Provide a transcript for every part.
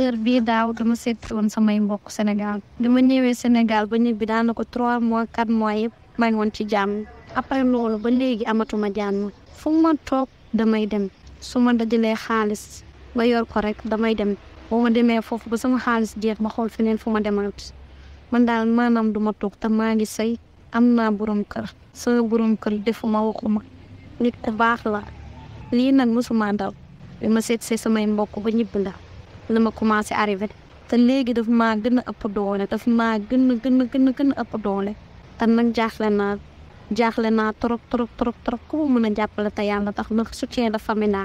heure bii daaw dama seeti woon samay mbokk Sénégal dama ñëwee Sénégal ba ñibbi daanaka trois mois quatre mois yëpp maa ngi woon ci jàmm après loolu ba léegi amatuma jàmm fu ma toog damay dem su ma dajalee xaalis ba yor ko rek damay dem boo ma demee foofu ba sama xaalis jeex ma xool feneen fu ma demaat man daal maanaam du ma toog te maa ngi sëy am naa borom kër sama borom kër defuma waxuma nit ku baax la lii nag mosuma dal bi ma seet see samay mbokk ba ñibbi la la ma commencé arrivé te léegi daf maa gën a ëpp doole daf maa gën a gën a gën a gën a ëpp doole nag jaaxle naa jaaxle naa trop trop trop trop ku ma mën a jàppale te yàlla tax na soutien de famille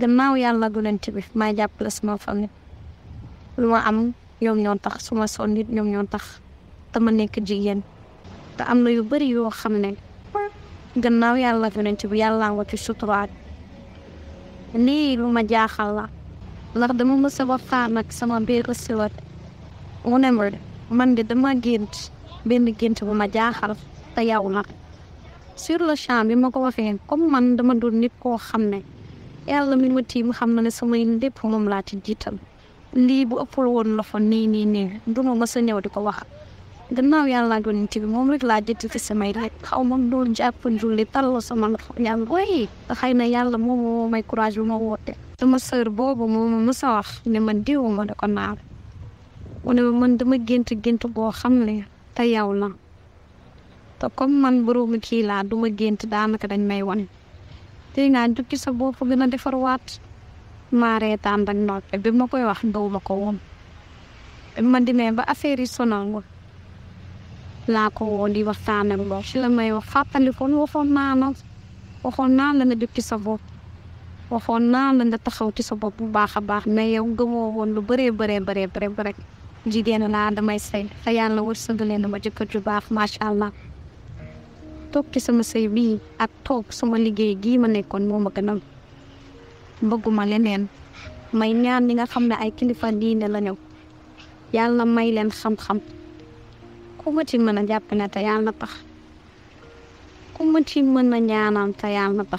gannaaw yàlla guleen ci bi maa jàppale sama famille ma am ñoom ñoo tax suma ma sonn nit ñoom ñoo tax te ma nekk jigéen te am na yu bëri yoo xam ne gannaaw yàlla guleen ci bi yàlla nga ci suturaat lii lu ndax dama mës a waxtaan ak sama biir siwat mu ne ma man de dama gént benn gént bu ma jaaxal te yow la sur le champ bi ma ko waxee comme man dama doon nit koo xam ne yàlla mi ma tiim xam na ne samay lépp moom laa ci jiital lii bu ëppal woon la fa nii nii nii du ma mës a ñëw di ko wax gannaaw yàlla laa doon nit bi moom laa jiital ci samay rek xaw ma doon jàpp julli tal sama yàlla ooy te xëy na yàlla dama ser boobu moom ma mës wax ne ma diw ma ko naar mu ne man dama gént gént boo xam ne te yow la te comme man boroomu kii laa du ma gént daanaka dañ may wan tey ngaa jukki sa bopp gën a defarwaat maa reetaan dañ noppi bi ma koy wax ndaw ma ko woon ma demee ba affaire yi sonal ma laa ko di waxtaan ak moom si la may wax fàttali kon waxoon naa la waxoon naa la na jukki sa bopp waxoon naa la nga taxaw ci sa bopp bu baax a baax mais yow gëmoo woon lu bëree bëree bëree bëri jigéen laa damay sëy te yàlla wërsëgalee na ma jëkkër ju baax macha allah toog ci sama sëy bii ak toog sama liggéey gii ma nekkoon moo ma gënal bëgguma leneen may ñaan ñi nga xam ne ay kilifa diine la ñëw yàlla may leen xam-xam ku ma ci mën a jàppale te yàlla tax ku ma ci mën a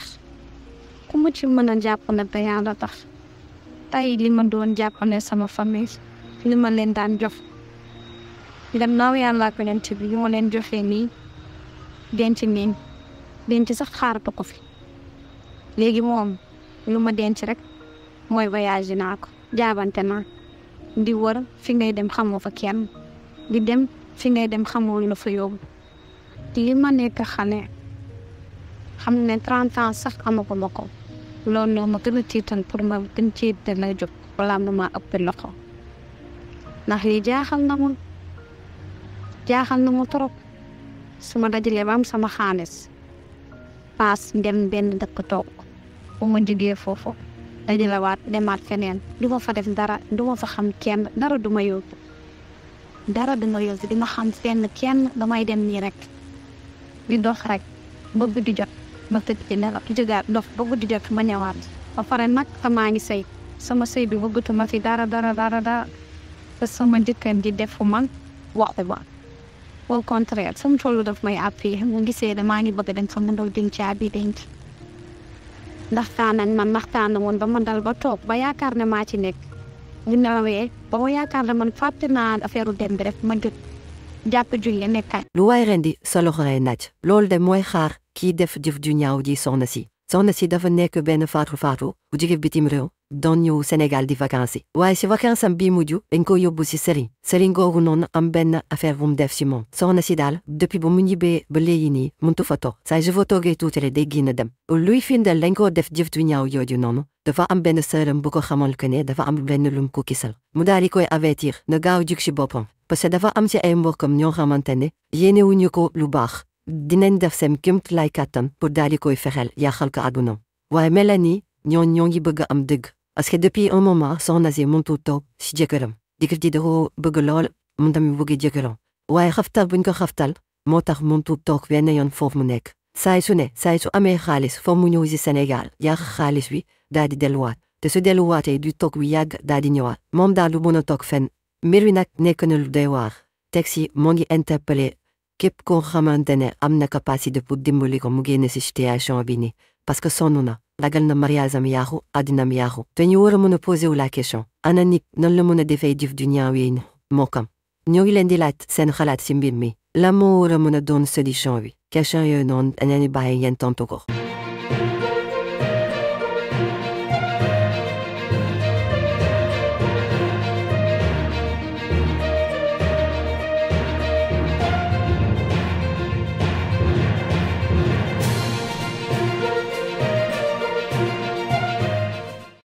ku ma ci mën a jàppale te yàlla tax tey li ma doon jàppale sama famille li ma leen daan jox gannaaw yàlla ko leen ci bi li ma leen joxee nii denc neen denc sax xaaratu ko fi léegi moom lu ma denc rek mooy voyage naa ko jaabante naa di wër fi ngay dem xamoo fa kenn di dem fi ngay dem xamoo la fa yóbbu li ma nekk xane xam ne trente ans sax amaguma ko loolu noonu ma gën a tiitan pour ma gën ci lay jóg balaa ma maa ëpp loxo ndax lii jaaxal na mu jaaxal na mu trop su ma dajalee ba am sama xaalis paas dem benn dëkk toog bu ma jógee foofu dajalewaat demaat feneen du ma fa def dara du ma fa xam kenn dara du ma yóbbu dara du ma yóbbu di ma xam fenn kenn damay dem nii rek di dox rek bëgg di jot. ba tëdd ci nelaw jógaat dof ba guddi jot ma ñëwaat ba pare nag maa ngi sëy sama sëy bi bëggatuma fi dara dara dara dara te sama jëkkër ji defu ma waxu ma au contraire sama tollu daf may appuyé mu gisee ne maa ngi bëgg dañ sama ndaw din caabi denc ndaxtaan nañ man waxtaan na woon ba ma dal ba toog ba yaakaar ne maa ci nekk bu nelawee yaakaar ne man fàtte naa affaire dem bi rek ma jàpp julli nekkaat. lu waay ren de Moi xaar def jëf ju ñaaw ji son si si dafa nekk benn faatu faatu bu jóge bitim Sénégal di vacances yi si vacances am bii mujj dañ ko yóbbu si sëriñ sëriñ googu am ben affaire bu def Simon, moom si depuis ba mu ñibbee ba léegi nii muntu fa je ge les dem lui fin de def jëf ju ñaaw jooju noonu dafa am ben sëram bu ko xamal que dafa am ben lum ko kisal mu daal ne koy avertir parce que dafa am ci ay mbokkam ñoo xamante ne yéenewuñu ko lu baax dinañ def seen kémt lay pour daal di ferel, fexel yàqal ko àddunam waaye Mélanie ñoo ñoo ngi bëgg am dëgg parce que depuis un moment son nazi mëntu toog si jëkkëram jëkkër di da ko lol, lool mun tamit bëgg jëkkëram waaye xaftal buñ ko xaftal moo tax mëntu toog benn yoon foofu mu nekk saay su ne saay su amee xaalis Sénégal yàq xaalis wi d'adi di delluwaat te su delluwaatee du toog wi yàgg daal di ñëwaat moom daal miru nag nekk na lu doy waar taxi moo ngi interpellé képp koo xamante ne am na capacité pour dimbali ko mu génne si situation bi ni parce que sonn na ragal na mariage am yaaxu addinam yaaxu te ñu war a mën a posé wu la question ana nan la mën a defee jëf du ñaaw yi moo kam ñoo ngi leen di laaj seen xalaat si mbir mi la moo war a mën a doon solution bi question yooyu noonu dañu bàyyi ngeen tontu ko